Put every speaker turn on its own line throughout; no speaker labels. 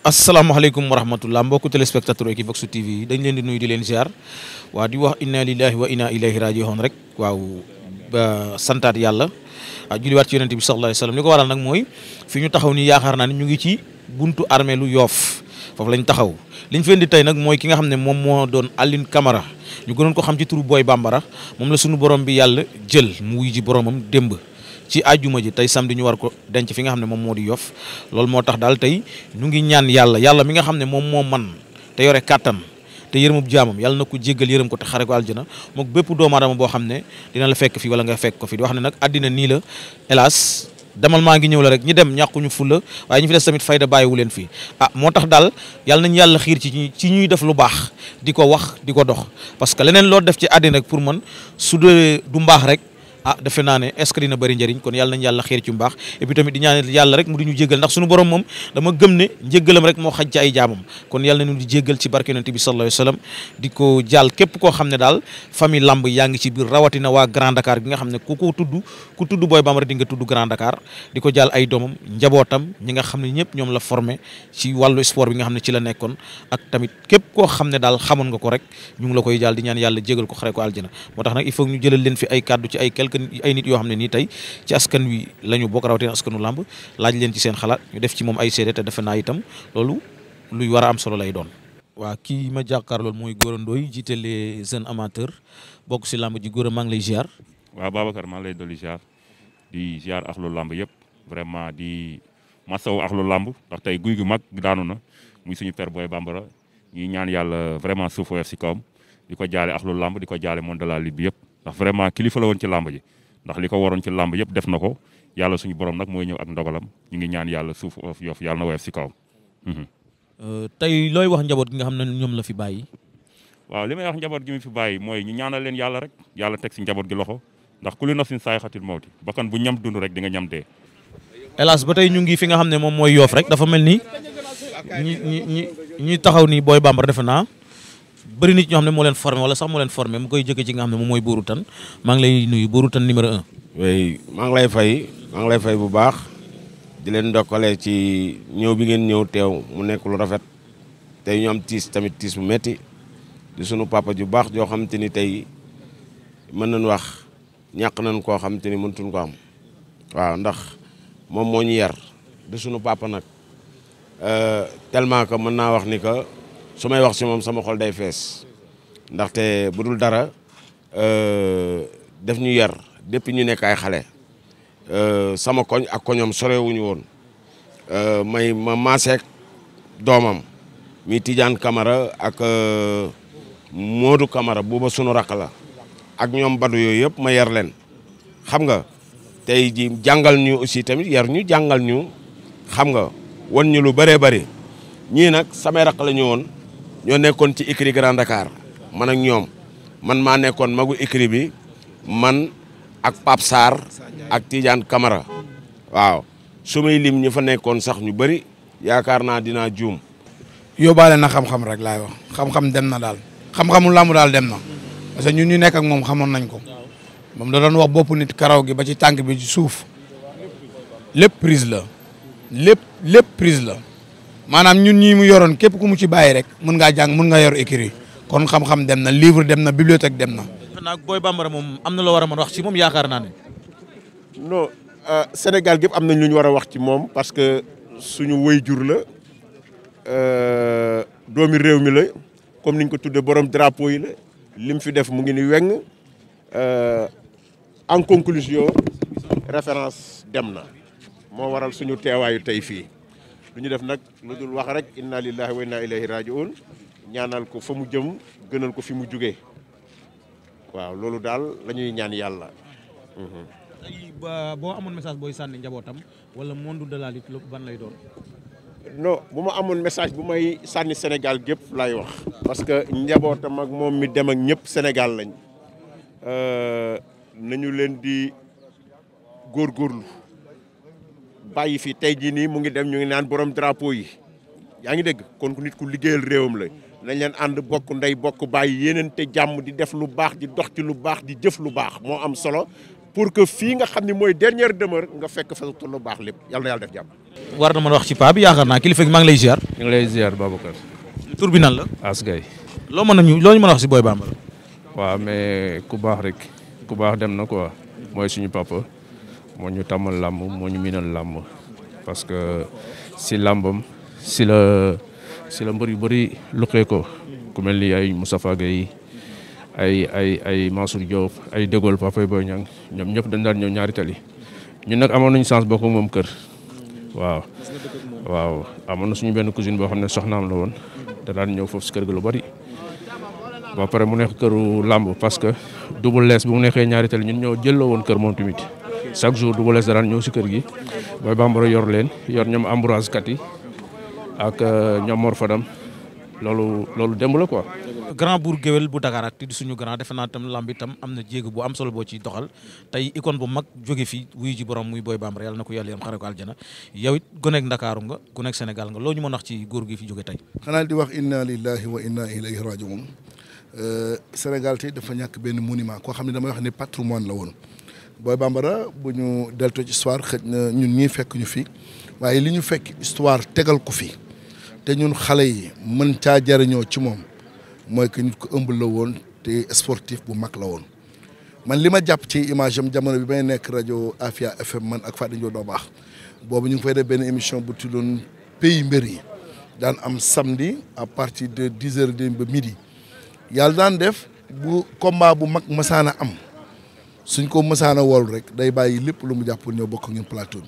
asalaamaaleykum wa rahmatullah mbokku téléspectateur Equivox TV dañ leen di nuyu di leen ziar waa di wax inna lillahi wa inna ilayhi raji'un rek waaw ba santaat yàlla ah, julliwaat ci yonente bi sallallahu alayhi wasallam li ko waral nag mooy fi ñu taxaw ni yaakaar naa ni ñu ngi ci buntu armée lu yoof foofu lañ taxaw liñ feen di tey nag mooy ki nga xam ne moom moo doon alin kamara ñu gënoon ko xam ci turu booy Bambara moom la suñu borom bi yàlla jël mu wuy ji boromam démb ci àjjuma ji tey samedi ñu war ko denc fi nga xam ne moom moo di yof loolu moo tax daal tey ñu ngi ñaan yàlla yàlla mi nga xam ne moom moo man te yore kàttan te yërëmub jaamam yàlla na ko jéggal yërëm ko te xare ko aljana mook bépp doomu aadama boo xam ne dina la fekk fii wala nga fekk ko fi di wax ne nag àddina nii la hélas demal maa ngi ñëw la rek ñi dem ñàkkuñu fulla waaye ñu fi des tamit fayda bàyyiwu leen fii ah moo tax daal yàlla na yàlla xiir ci ci ñuy def lu baax di ko wax di ko dox parce que leneen loo def ci àddina rek pour man su dee du mbaax rek ah defe naa ne est-ce que dina bëri njëriñ kon yàlla nañ yàlla xeer ci mbaax ko koo xam ne daal famille lamb yaa ngi ci biir rawatina waa Grand Dakar bi nga xam ne ku ko tudd ku tudd Boy Bambara di nga tudd Grand Dakar di ko jàll ñi nga xam ne ñëpp ñoom la formé ci wàllu sport bi nga xam ne ci la nekkoon ak tamit képp koo xam ne daal xamoon nga ko rek ñu ngi la koy jàll di ñaan yàlla jéggal ko xare ko aljana moo tax nag il faut ñu jëlal leen fi ay kàddu ci ay quelques ay nit yoo xam ne nii tey ci askan wi la ñu bokk rawatina askanu lamb laaj leen ci seen xalaat ñu def ci moom ay seede te defe naa itam loolu luy war a am solo lay doon. waa kii ma jàkkaar mooy Gora Ndoye jiite les jeunes amateurs bokk si làmb ji Gora maa ngi lay ziar. waaw Babacar maa ngi lay dolli ziar di ziar ak lamb làmb yëpp vraiment di masawu ak lu
lamb ndax tey guy gu mag daanu na muy suñu père booy bambara ñuy ñaan yàlla vraiment suuf woyof si kawam di ko di ko jaale monde de la lutte yëpp. ndax vraiment kilifa la woon ci làmb ji ndax li ko waroon ci làmb yëpp def na ko yàlla suñu borom nag mooy ñëw ak ndogalam ñu ngi ñaan yàlla suuf of yoof yàlla na woyof si kaw
mhm.
euh, tey looy wax njaboot gi nga xam ne ñoom la fi bàyyi.
waaw li may wax njaboot gi mu bàyyi mooy ñu ñaanal leen yàlla rek yàlla teg si njaboot gi loxo ndax ku li nafsin
saay xatil mawti bakkan bu ñam dund rek di nga ñam dee. hélas ba tey ñu ngi fi nga xam ne moom mooy yoof rek dafa mel ni ñi ñi taxaw nii booy bambara defe naa bëri nit ñoo xam ne moo leen formé wala sax moo leen formé mu koy jëkke ci nga xam ne moom mooy Buuru Tane maa ngi lay nuyu Buuru Tane numéro un.
oui maa ngi lay fay maa ngi fay bu baax di leen ndokkale ci ñëw bi ngeen ñëw teew mu nekk lu rafet tey ñu am tiis tamit tiis mu metti di sunu papa ju baax joo xam te ni tey mën nañ wax ñàq nañ koo xam te ni mëntuñ ko am waaw ndax moom moo ñu yar di sunu papa nag euh, tellement que mën naa wax ni que. su may wax si moom sama xol day fees ndaxte bu dul dara euh, def ñu yar depuis ñu nekk ay xale euh, sama koñ ak koñom sorewuñu woon euh, may ma maaseek doomam mi Tidiane kamara ak Modou Camara booba sunu rakk la ak ñoom badu yooyu yëpp ma yar leen xam nga tey ji jàngal ñu aussi tamit yar ñu jàngal ñu xam nga wan ñu lu bëree bëri ñii nag samay rakk la ñu woon ñoo nekkoon ci écurie Grand Dakar man ak ñoom man maa nekkoon magu écurie bi man ak Pape Sarr ak Tidiane kamara waaw su may lim ñu fa nekkoon sax ñu bëri yaakaar naa dinaa juum.
yóbbaale na xam-xam rek laay wax xam-xam dem na daal xam-xamu làmb daal dem na parce que ñun ñu nekk ak moom xamoon nañ ko moom da doon wax bopp nit karaw gi ba ci tànk bi ci suuf lépp prise la lépp lépp prise la. maanaam ñun ñii mu yoroon képp ku mu ci bàyyi rek mën ngaa jàng mën nga yor écrit kon xam-xam dem na livre dem na bibliothèque dem na.
naag Boy Bambara moom am na loo war a mën wax ci moom yaakaar naa ne. non euh, Sénégal gépp am nañ lu ñu war a wax ci moom parce que suñu waajur la euh, doomi réew mi la comme niñ ko tuddee borom drapeau yi la lim fi def mu ngi ni weng euh, en conclusion référence dem na moo waral suñu teewaayu tey fii. lu ñu def nag lu dul wax rek inna lillahi wa inna ilayhi rajiun ñaanal ko fa mu jëm gënal ko fi mu jugee waaw loolu daal lañuy ñaan yàlla. Mhm.
tey boo amoon message booy sànni njabootam wala monde de la lutte ban lay doon.
non bu ma amoon message bu may sànni Sénégal gépp laay wax. parce que njabootam ak moom mi dem ak ñëpp Sénégal lañ euh, nañu leen di góorgóorlu. bàyyi fi tey jii nii mu ngi dem ñu ngi naan borom drapeau yi yaa ngi dégg kon ku nit ku liggéeyal réewam la nañ leen ànd bokk ndey bokk bàyyi yeneen te jàmm di def lu baax di dox ci lu baax di jëf lu baax moo am solo pour que fii nga xam ne mooy dernière demeure nga fekk fa lu baax lépp yàlla na yàlla def jàmm.
war na mën wax ci paa bi yaakaar naa kilifa gi maa ngi lay ziar. ñu ngi lay ziar Babacar. tur bi nan la. Asgay. loo mën a ñu loo ñu mën a wax si booy Bambara.
waaw mais ku baax rek ku baax dem na quoi mooy suñu papa. moo ñu tàmmal làmb moo ñu miinal làmb parce que si làmbam si la si la mbër yu bari luqee ko ku mel nii ay Moustapha Gueye ay ay ay Mansour Diop ay Dégol Pape Boy Niang ñoom ñëpp dañ daan ñëw ñaari tali ñun nag amoon nañu chance bokk moom kër waaw waaw amoon na suñu benn cousine boo xam ne soxnaam la woon da daan ñëw foofu si kër gi lu bari ba pare mu nekk këru làmb parce que double lees bu mu nekkee ñaari tali ñun ñoo jëlloo woon kër moom tamit chaque jour du balees daraan ñëw si kër gi booy bambara yor leen yor ñoom ambourage kat ak euh, ñoom Mor Fadam loolu loolu démb la quoi.
grand buur géwél bu Dakaractu di suñu grand defe naa tam lamb itam am na jéeg bu am solo boo ci doxal tey icône bu mag jóge fi wuyu ji borom muy Boy Bambara yàlla na ko yàlla yam xare ko aljana yow it goneeg Ndakaaru nga goneeg Sénégal nga loo ñu mën nax ci góor gi fi jóge tey.
xanaa di wax inna lillahi wa inna ilayhi rajiun euh, Sénégal tey dafa ñàkk benn monument koo xam ne damay wax ne patrimoine la woon. booy bambara bu ñu delto ci histoire xëj na ñun ñii fekk ñu fi waaye li ñu fekk histoire tegal ko fi te ñun xale yi man caa jariñoo ci moom mooy que nit ko ëmb la woon te sportif bu mag la woon. man li ma jàpp ci image am jamono bi may nekk rajo Afia FM man ak Fadi doo baax boobu ñu ngi def benn émission bu tuddoon pays mbër yi daan am samedi à partir de dix de ba midi yal daan def bu combat bu mag a am. suñ ko mësaana wool rek day bàyyi lépp lu mu jàppoon ñëw bokk ngeen plateau bi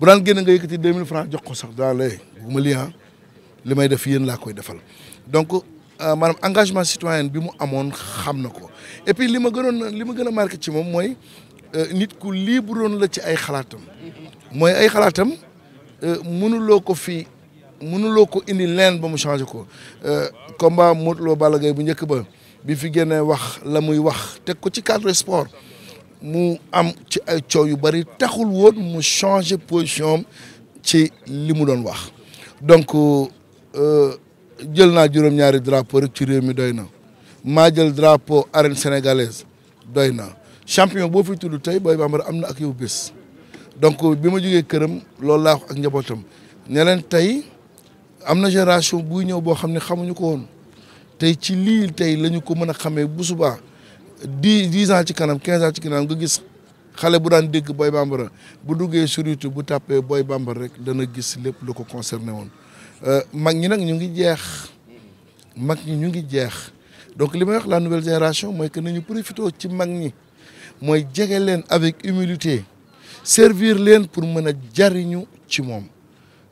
bu daan génn nga yëkkati deux mille francs jox ko sax daa lay bu ma lii ah, li may def yéen laa koy defal donc euh, maanaam engagement citoyen bi mu amoon xam na ko et li ma gënoon li ma gën a marqué ci moom mooy euh, nit ku libre woon la ci ay xalaatam mooy ay xalaatam euh, mënuloo ko fi mënuloo ko indi leen ba mu changé ko combat Modou mootuloo Balla Gaye bu njëkk ba bi fi génnee wax la muy wax teg ko ci cadre sport mu am ci ay coow yu bëri taxul woon mu changer position ci li mu doon wax donc euh, jël naa juróom-ñaari drapeau rek ci réew mi doy na maa jël drapo arène sénégalaise doy na champion boo fi tudd tey Boy Bambara am na ak yow bés donc bi ma jógee këram loolu laa ak njabootam ne leen tey am na génération buy ñëw boo xam ne xamuñu ko woon tey ci lii tey lañu ko mën a xamee bu subaa dix dix ans ci kanam quinze ans ci kanam nga gis xale bu daan dégg Boy Bambara bu duggee sur bu tàppee Boy Bambara rek dana gis lépp lu ko concerné woon euh, mag ñi nag ñu ngi jeex mag ñi ñu ngi jeex donc li may wax la nouvelle génération mooy que nañu profité ci mag ñi mooy jege leen avec humilité servir leen pour mën a jariñu ci moom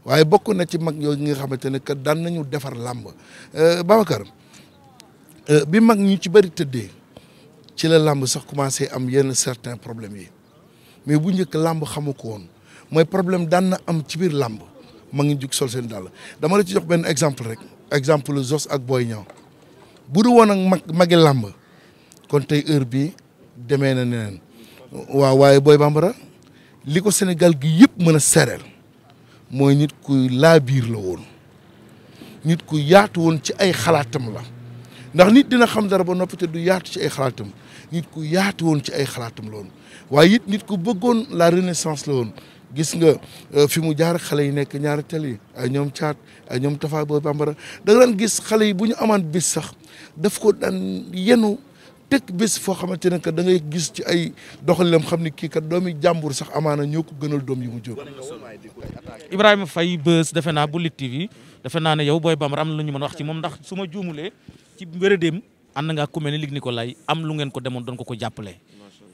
waaye bokk na ci mag ñi nga xamante ne que daan nañu defar làmb euh, Babacar euh, bi mag ñi ci bëri tëddee ci la làmb sax commencé am yenn certains problèmes yi mais bu njëkk làmb xamu ko woon mooy problème daan na am ci biir làmb ma ngi jug sol seen dàll dama la ci jox benn exemple rek exemple Zos ak Boy Niang bu du woon ak magi làmb kon tey heure bi demee na neneen waaw waaye Boy Bambara li ko Sénégal gi yëpp mën a sereel mooy nit ku laa biir la woon nit ku yaatu woon ci ay xalaatam la ndax nit dina xam dara ba noppi te du yaatu ci ay xalaatam nit ku yaatu woon ci ay xalaatam loolu waaye it nit ku bëggoon la renaissance la woon gis nga euh, fi mu jaar xale yi nekk ñaar tel yi ay ñoom caat ay ñoom tafa booy bambara da nga daan gis xale yi bu ñu amaan bis sax daf ko daan yenu teg bés foo xamante ne que da ngay gis ci ay doxalinam xam ni kii kat doomi jàmbur sax amaan a ñoo ko gënal doom yi mu jóg.
Ibrahima Faye bés defe naa bu Lutte TV defe naa ne yow booy bambara am na ñu mën wax ci moom ndax su ma juumulee ci wéradéem ànd ngaa ku mel ne Luc Nicolaï am lu ngeen ko demoon doon ko ko jàppale.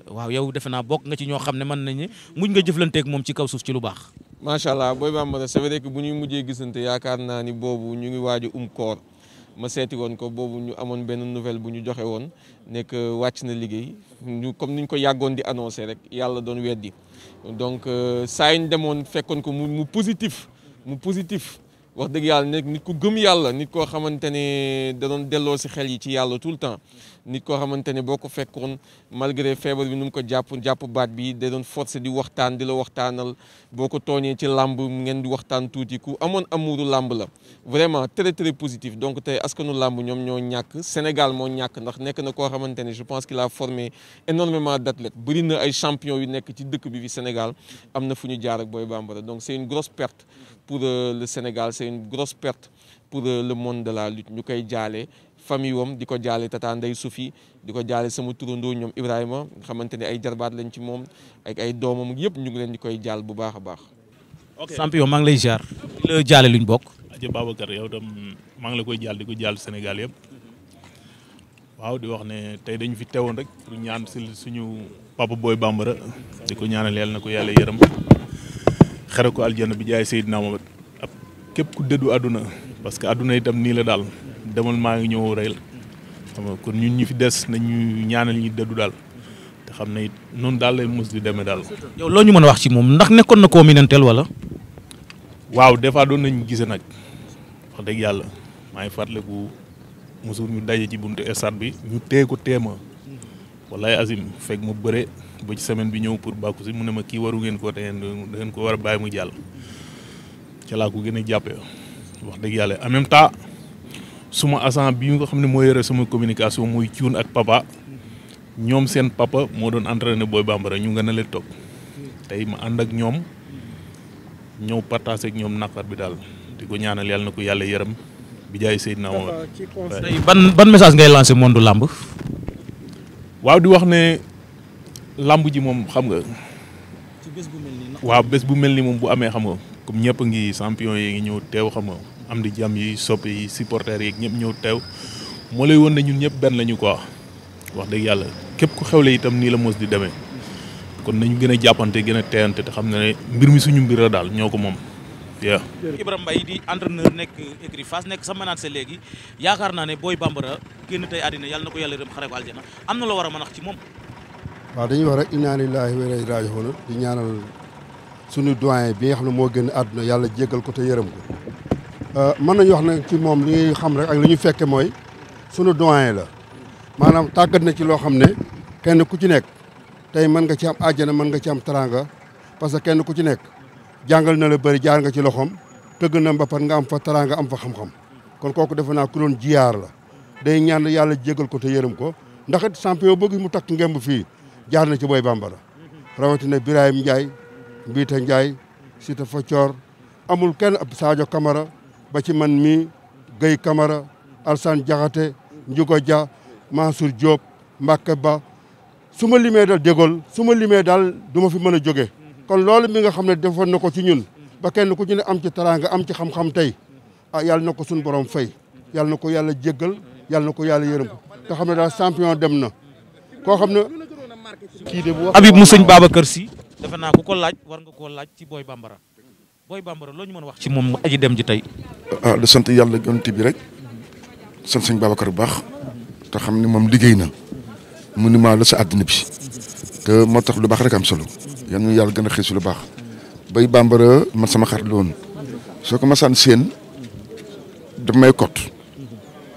waaw yow defe naa bokk nga ci ñoo xam ne mën nañu muñ nga jëflanteeg moom ci kaw suuf ci lu baax.
macha allah booy bambara c'est vrai que bu ñuy naa ni boobu ñu ngi waaj a um ma seeti woon ko boobu ñu amoon benn nouvelle bu ñu joxe woon nekk wàcc na liggéey ñu comme ni ñu ko yàggoon di annoncé rek yàlla doon weddi donc euh, saa yi ñu demoon fekkoon ko mu mu positif mu positif. wax dëgg yàlla nekk nit ku gëm yàlla nit koo xamante ne da doon delloo si xel yi ci yàlla tout le temps nit koo xamante ne boo ko fekkoon malgré feebar bi nu mu ko jàpp jàpp baat bi de doon forcé di waxtaan di la waxtaanal boo ko tooñee ci làmb ngeen di waxtaan tuuti ku amoon amuuru làmb la vraiment très très positif donc tey askanu làmb ñoom ñoo ñàkk Sénégal moo ñàkk ndax nekk na koo xamante ne je pense qu'il a formé énormément d'athlètes bëri na ay champions yu nekk ci dëkk bi fi Sénégal am na fu ñu jaar ak booy Bambara donc c'est une grosse perte pour euh, le Sénégal c'est une perte pour euh, le monde de la lutte ñu koy jaale famille wam di ko jaale tata Ndeye Soufi di ko jaale sama turandoo ñoom Ibrahima nga ne ay jarbaat lañ ci moom ak ay doomam yëpp ñu ngi leen di koy jaal bu baax a baax.
ok champion
maa ngi lay jaar di la jaale
bokk. Adja Babacar yow tam maa ngi la koy jaal di ko jaal Sénégal waaw di wax ne tey dañu fi teewoon rek pour ñaan si suñu papa booy bambara di ko ñaanal yàlla na ko yàlla yërëm xere ko aljana bi jaay Seydina Mohamed ab képp ku dëddu àdduna parce que àdduna itam nii la daal demal maa ngi ñëw rey la xam nga kon ñun ñu fi des nañu ñaanal ñu dëddu daal te xam ne it noonu daal lay mos di demee daal. yow loo ñu mën
a wax ci moom ndax nekkoon na koo minanteel wala.
waaw des fois doon nañu gise nag wax dëgg yàlla maa ngi fàttaliku mosul ñu daje ci buntu stade bi ñu tee ko téema walaay Azim fekk mu bëre ba ci semaine bi ñëw pour bàkku si mu ne ma kii waru ngeen ko te da ngeen ko war a bàyyi mu jàll ca ko gën a jàppee wax dëgg yàlla suma agent bi nga xam ne moo yore suma communication muy cuun ak papa ñoom seen papa moo doon entraîné Boy Bambara ñu nga na leen toog tey ma ànd ak ñoom ñëw partagé ak ñoom naqar bi daal di ko ñaanal yàlla na ko yàlla yërëm bi jaay Seydina Omar. tey ban ban message ngay
lancé monde làmb.
waaw di wax ne làmb ji moom xam nga. waaw bés bu mel ni moom bu amee xam nga comme ñëpp ngi champion yi ngi ñëw teew xam nga. am di jàmm yi soppe yi supporters ñëpp ñëw teew moo lay won ñun ñëpp benn lañu quoi wax dëgg yàlla képp ku xewle itam nii la mos di demee kon nañu gën a jàppante gën a teeyante te xam ne mbir mi suñu mbir daal ñoo ko moom. waaw.
Ibrahima Mbaye di nekk écurie Fass nekk sa manager léegi yaakaar naa ne Boy Bambara génn tey àddina yàlla na ko yàlla yërëm xare ko aljana am na loo war a mën a ci moom.
waaw dañuy wax rek inna lillahi wa inna ilayhi raji'un di ñaanal suñu doyen bi nga xam ne moo génn àdduna yàlla jéggal ko te yërëm ko man euh, mën ñu wax ne ci moom li xam rek ak li ñu fekke mooy sunu doyen la maanaam tàggat na ci loo xam ne kenn ku ci nekk tey mën nga ci am àjjana mën nga ci am teraanga parce que kenn ku ci nekk jàngal na la bëri jaar nga ci loxoom tëgg na ba nga am fa teraanga am fa xam-xam kon kooku defe naa ku doon jiyaar la day ñaan yàlla jégal ko te yërëm ko ndax it champion boo gis mu takk ngemb fii jaar na ci booy bambara rawatina Birahim Ndiaye Mbiita Ndiaye Sita Fa Thior amul kenn ab Sadio Camara ba ci man mi Guèye Camara Alsane Diakhaté Ndiouga Dia Mansour Diop Mbacke Ba su ma limee daal dégol suma ma limee daal du ma fi mën a jóge kon loolu mi nga xam ne defoon na ko ci ñun ba kenn ku ci am ci teraanga am ci xam-xam tey ah yàlla na ko suñu borom fay yàlla na ko yàlla jéggal yàlla na ko yàlla yërëm te xam ne daal champion dem na koo xam ne kii de bu wax mu sëñ Babacar Sy
defe naa ko ko laaj war nga koo laaj ci Boy Bambara Boy Bambara loo ñu mën wax ci moom mu aji dem ji
tey. ah sant yàlla gënt bi rek sant sëñ Babacar bu baax te xam ni moom liggéey na monument la sa àddina bi te moo tax lu baax rek am solo yal yàlla gën a xiis lu baax Boy Bambara man sama xarit la soo ko masaan seen daf may kot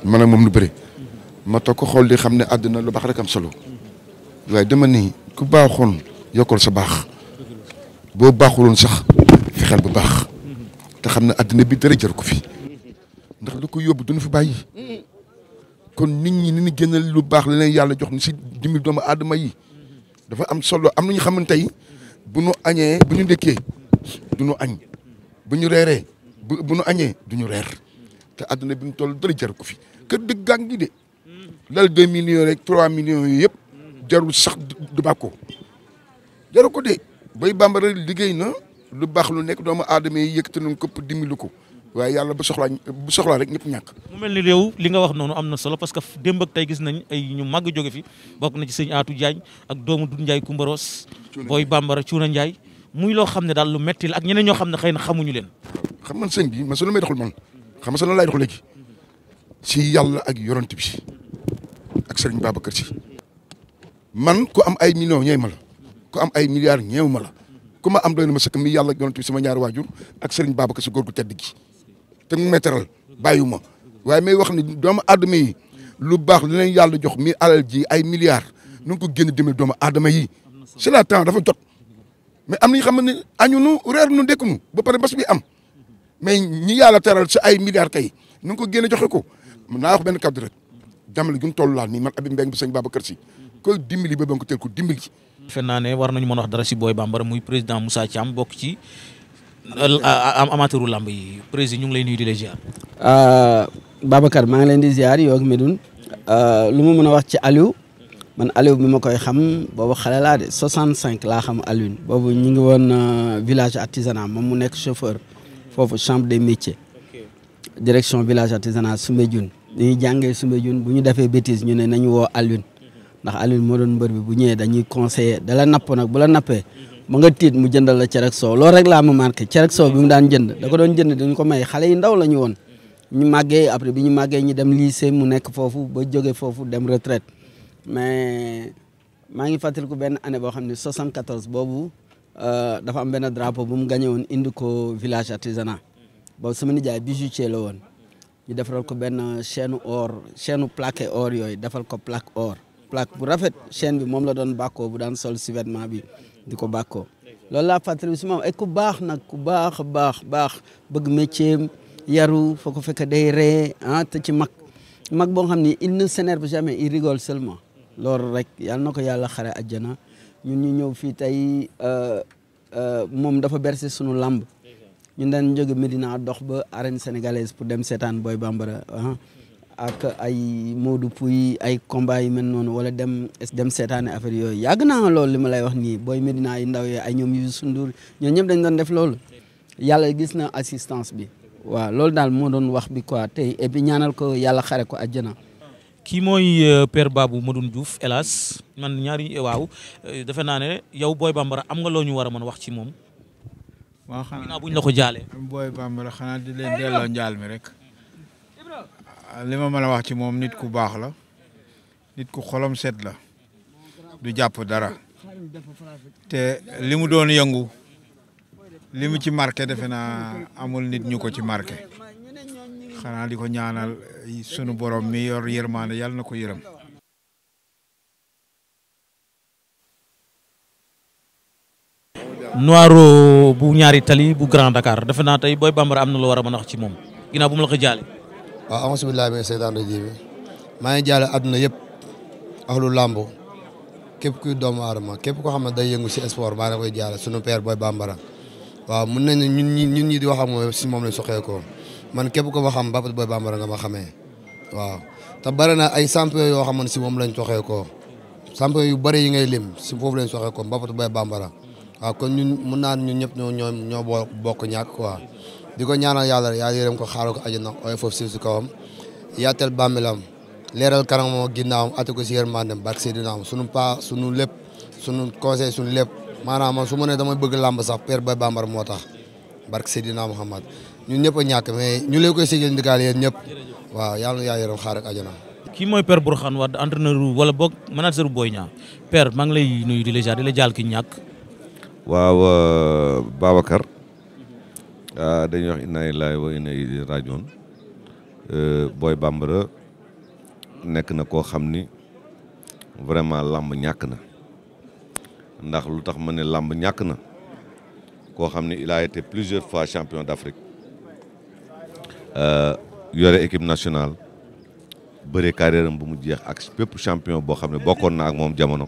man ak moom lu bëri ma toog ko xool di xam ne àddina lu baax rek am solo waaye dama nii ku baaxoon yokkal sa baax boo baaxuloon sax. xel bu baax te xam ne àddina bi dara jër ko fi ndax lu ko yóbbu duñu fi bàyyi kon nit ñi ni ñu génnal lu baax li leen yàlla jox ni si dimbali doomu aadama yi dafa am solo am nañu xam ne tey bu ñu añee bu ñu ndékkee du ñu bu ñu reeree bu nu añee du ñu reer te àdduna bi mu toll dara jar ko fi kër dëgg gaa ngi de lal deux millions rek trois millions yooyu yëpp sax du bàkkoo jaru de bay bambara liggéey na lu baax lu nekk doomu aadama yi yëkkati nañ këpp dimbalu ko waaye yàlla bu soxla bu soxlaa rek ñëpp ñàkk.
mu mel ni réew li nga wax noonu am na solo parce que démb gis nañ ay ñu màgg joge fi bokk na ci sëñ Atou jaañ ak doomu Doudou Ndiaye Coumba Rose. booy bambara Cuuna Ndiaye muy loo xam ne daal lu metti la ak ñeneen ñoo xam ne xëy na xamuñu leen. xam man sëñ bi man su la may doxul man xam nga sa lan laay dox léegi si yàlla ak yorante bi
ak sëriñ Babacar Si man ku am ay millions ma ku am ay milliards ñeew ma la ku am doy na ma sëkk mi yàlla yonent bi sama ñaari waajur ak sëriñ Babacar si góor gu tedd gi te mu metteral bàyyu ma waaye may wax ne doomu adama yi lu baax lu leen yàlla jox mi alal ji ay milliards nu ngi ko génn dimbali doomu aadama yi c'est a temps dafa jot mais am ni xam ne a nu reer nu de nu ba pare bas bi am mais ñi yàlla teral si ay milliards kay nu ngi ko génn joxe ko naa wax benn kàddu rek jamono gi mu toll laa
nii man Habib Mbengue bi sëñ Babacar si koy dimbali ba banque teel ko dimbali. defe naa ne war nañu mën wax dara si Boy Bambara muy président Moussa Thiam bokk ci euh, amateuru làmb yi président ñu ngi lay nuyu di la ziar.
Euh, Babacar maa ngi leen di ziar yow euh, lu ma mën a wax ci Aliou man Aliou bi ma koy xam boobu xale laa de 65 laa xam Aliou boobu ñu ngi woon village artisanat moom mu nekk chauffeur foofu chambre des métiers direction village artisanat Soumbédioune ñu ngi jàngee Soumbédioune bu ñu defee bêtise ñu ne nañu woo Aliou. ndax Alioune moo doon mbër bi bu ñëwee dañuy conseiller dala napp nag bu la nappee ba nga tiit mu jëndal la cere ak soow loolu rek laa ma marqué cere ak soow bi mu daan jënd da ko doon jënd dañ ko may xale yi ndaw la ñu woon ñu màggee après bi ñu màggee ñu dem lycée mu nekk foofu ba jóge foofu dem retraite mais maa ngi fàttaliku benn année boo xam ne 74 boobu euh, dafa am benn drapeau bu mu gagné woon indi ko village artisanat boobu sama nijaay bijoutier la woon ñu defaral ko benn chaîne or chaîne plaqué or yooyu defal ko plaque or plaque bu rafet chaîne bi moom la doon bakkoo bu daan sol si vêtement bi di ko bàkkoo loolu laa fàttali si moom ay baax nag ku baax a baax baax bëgg métier yaru foo ko fekk day ree ah, te ci mag mag boo xam ni il ne s'énerve jamais il rigole seulement loolu rek yàlla na ko yàlla xare àjjana ñun ñu ñu ñëw fii tey euh, euh, moom dafa berse sunu lamb ñun daan jóge Médina dox ba arène sénégalaise pour dem seetaan Boy Bambara ah. ak ay moo Modou Pouy ay combat yu noonu wala dem dem seetaane affaire yooyu yàgg naa loolu li ma lay wax nii booy Medina ay ndaw yee ay ñoom Youssou Ndour ñoom ñëpp dañ doon def loolu yàlla gis na assistance bi waaw loolu daal moo doon wax bi quoi tey et puis ñaanal ko yàlla xare ko àjjana
kii mooy euh, père Babou Madoune juuf hélas man ñaari euh, waaw euh, defe naa ne yow booy bambara am nga loo ñu war a mën wax ci moom. waaw buñ la ko jaalee. booy bambara xanaa rek. li ma mën a wax ci moom nit ku baax la nit ku xolom set la du jàpp dara te li mu doon yëngu li ci marqué defe na amul nit ñu ko ci marke xanaa di ko ñaanal sunu borom mi yor yërmaande yàlla na ko yërëm Noiro bu ñaari tali bu Grand Dakar defe naa te booy bambara am na lu wara a wax ci moom ginnaaw bu ma la
waaw amasubilahi mina seytaan rajim
maa ngi jaale àdduna yëpp
lu làmb képp kuy doomu aadama képp koo xam ne day yëngu si sport maa ngi koy jaale sunu père Boy Bambara waaw mun nañ ne ñun ñi ñun ñi di wax ak moom si moom lañ soxee ko man képp ko ma xam Papa Boy Bambara nga ma xamee waaw te bari na ay champion yoo xam ne si moom lañ soxee ko champion yu bëri yi ngay lim si foofu lañ soxee ko Papa Boy Bambara waaw kon ñun mun naa ñun ñëpp ñoo ñoo ñoo bokk ñàkk quoi di ko ñaanal yàlla yàlla yërëm ko xaaral ko àjjana ooy foofu suuf si kawam yaatal bàmmeelam leeral kanam ginnaawam ate ko si yërmandem barke Seydina am sunu pa sunu lépp sunu conseil sunu lépp maanaam man su ma nee damay bëgg lamb sax Père Boy Bambara moo tax barke Seydina Muhammad ñun ñëpp a ñàkk mais ñu lay koy séddale ndikaal yéen ñëpp waaw yàlla na yàlla yërëm xaaral ko àjjana
kii mooy Père Bourkhane Wade entraîneur wala boog manager Boy Niang Père maa ngi lay nuyu di la jaar di la ki ñàkk
waaw euh, Babacar ah dañuy wax inna lillahi wa inna ilayhi rajiun eh, Boy Bambara nekk na koo xam ni vraiment làmb ñàkk na ndax lu tax ma ne làmb ñàkk na koo xam ni il a été plusieurs fois champion d'Afrique eh, yore équipe nationale bëre carrière bu mu jeex ak bépp champion boo xam ne bokkoon na ak moom jamono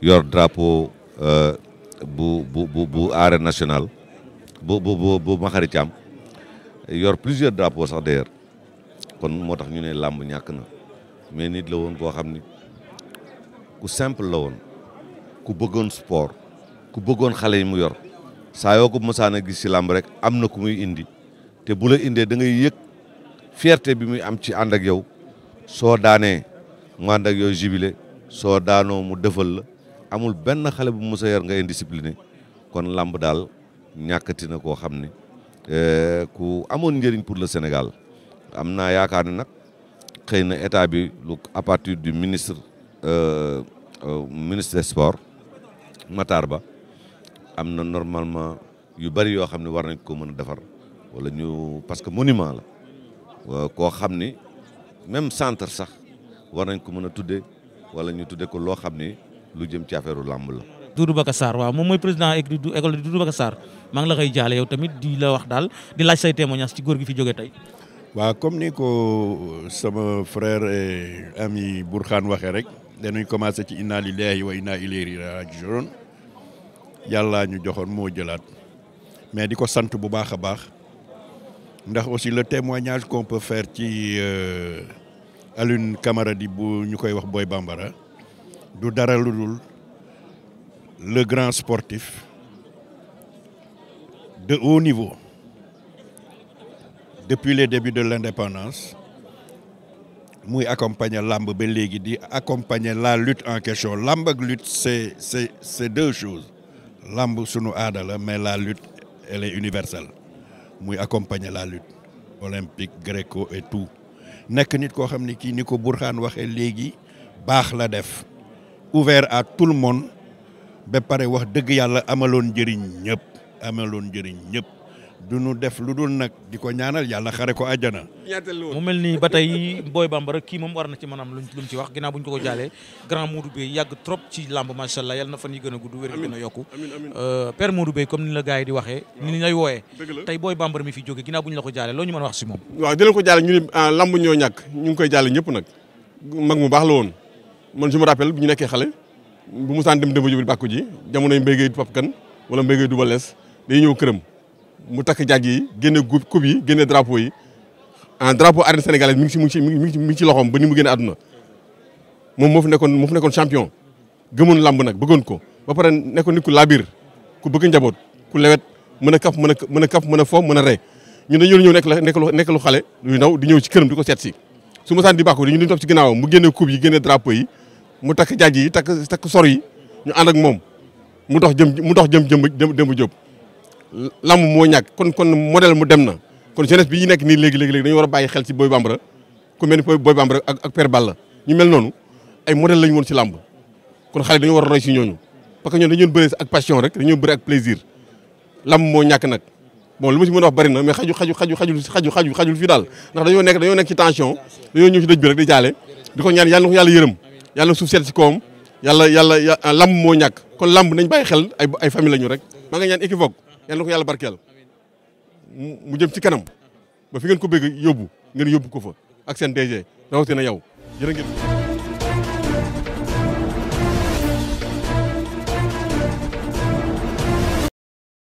yor drapo eh, bu bu bu bu nationale bu bu bu bu Makhari Thiam yor plusieurs drapeaux sax d'ailleurs kon moo tax ñu ne làmb ñàkk na mais nit la woon koo xam ni ku simple la woon ku bëggoon sport ku bëggoon xale yi mu yor saayoo ko mosaan a gis si làmb rek am na ku muy indi te bu la indee da ngay yëg fierté bi muy am ci ànd yow soo daanee mu ànd ak yow jubilé soo daanoo mu defal la amul benn xale bu mos a yor nga indiscipliné kon làmb daal ñàkkati na koo xam ne euh, ku amoon njëriñ pour le Sénégal am naa yaakaar ne nag xëy na état bi lu à partir du ministre euh, euh, ministre des sports Matar Ba am na normalement yu bari yoo xam ne war nañ ko mën a defar wala ñu parce que monument la koo xam ni même centre sax war nañ ko mën a tudde wala ñu tudde ko loo xam ni lu jëm ci affaire làmb la Doudou Baka Sarr waaw
moom mooy président école de Doudou Baka Sarr maa ngi la koy jaale yow tamit di la wax daal di laaj say témoignage ci góor gi fi jóge tey.
waaw comme ni ko sama frère et ami Bourkhane waxee rek dañuy commencé ci inna lillahi wa inna ilayhi rajiun yàllaa ñu joxoon moo jëlaat mais di ko sant bu baax a baax ndax aussi le témoignage qu'on peut fair ci euh, Alioune Camara di bu ñu koy wax booy Bambara du dara lu dul le grand sportif de haut niveau depuis les débuts de l'indépendance muy accompagner lamb ba léegi di accompagner la lutte en question làmb ak lutte c'est c'est deux choses lamb sunu aada la mais la lutte elle est universelle muy accompagner la lutte olympique gréco et tout nekk nit koo xam ne kii ni ko Burkhane waxee léegi baax la def ouvert à tout le monde ba pare wax dëgg yàlla amaloon njëriñ ñëpp amaloon njëriñ ñëpp du def lu dul nag di ko ñaanal yàlla xare ko àjjana.
mu mel nii ba tey Boy Bambara kii moom war na ci maanaam luñ wax ginnaaw bu ñu ko ko jaalee grand Modou a gudd wér a yokku. Euh, père Modou Bey comme ni la gars yi di waxee. ni ñu lay wooyee. ko jaalee loo ñu mën a wax si moom.
waaw di leen ko jaale ñu ne ah, làmb nag mag mu baax la woon man je me rappelle bu ñu nekkee xale bu musaan dem ba Diop di bàkku ji jamonoy mbéygay Pape Kane wala mbéygay Double Less day ñëw këram mu takk jàgg yi génne coupe yi génne drapeau yi en ah, drapeau arène mi si mi ngi si mi ngi ci loxoom ba ni mu génne àdduna moom moo fi nekkoon moo champion gëmoon làmb nag bëggoon ko ba pare nekkoon nit ku laabir ku bëgg njaboot ku lewet mën a kaf mën a mën a kaf mën a fo mën a rey ñun dañoo ñëw nekk la nekk lu xale luy di ñëw ci këram di ko seet si su ma saan di bàkku dañu di topp ci ginnaawam mu takk jaaj yi takk takk sor yi ñu ànd ak moom mu dox jëm mu dox jëm jëm Demba Diop lamb dem na kon jeunesse bi ñu nekk dañu war a xel ci Boy Bambara ku mel ni Boy Bambara ak ak Père Balla ñu mel noonu ay modèle lañu woon ci làmb kon xale dañu war a roy ci ñooñu parce que ñoom dañu doon bëri ak passion rek dañu bëri ak plaisir lamb moo ñàkk nag bon lu ma a wax bëri na mais xaju xaju xaju xaju xaju fii daal ndax dañoo nekk nekk ci tension dañoo ñëw ci dëj bi rek di jaale di ko ñaan yàlla na yërëm yàlla suuf seet si kawam yàlla yàlla lamb moo ñàkk kon lamb nañ bàyyi xel ay ay famille la ñu rek maa nga ñaan Equivox yàlla na yàlla barkeel mu jëm ci kanam ba fi ngeen ko bëgg yóbbu ngeen yóbbu ko fa ak seen DG rawatina yow jërë ngeen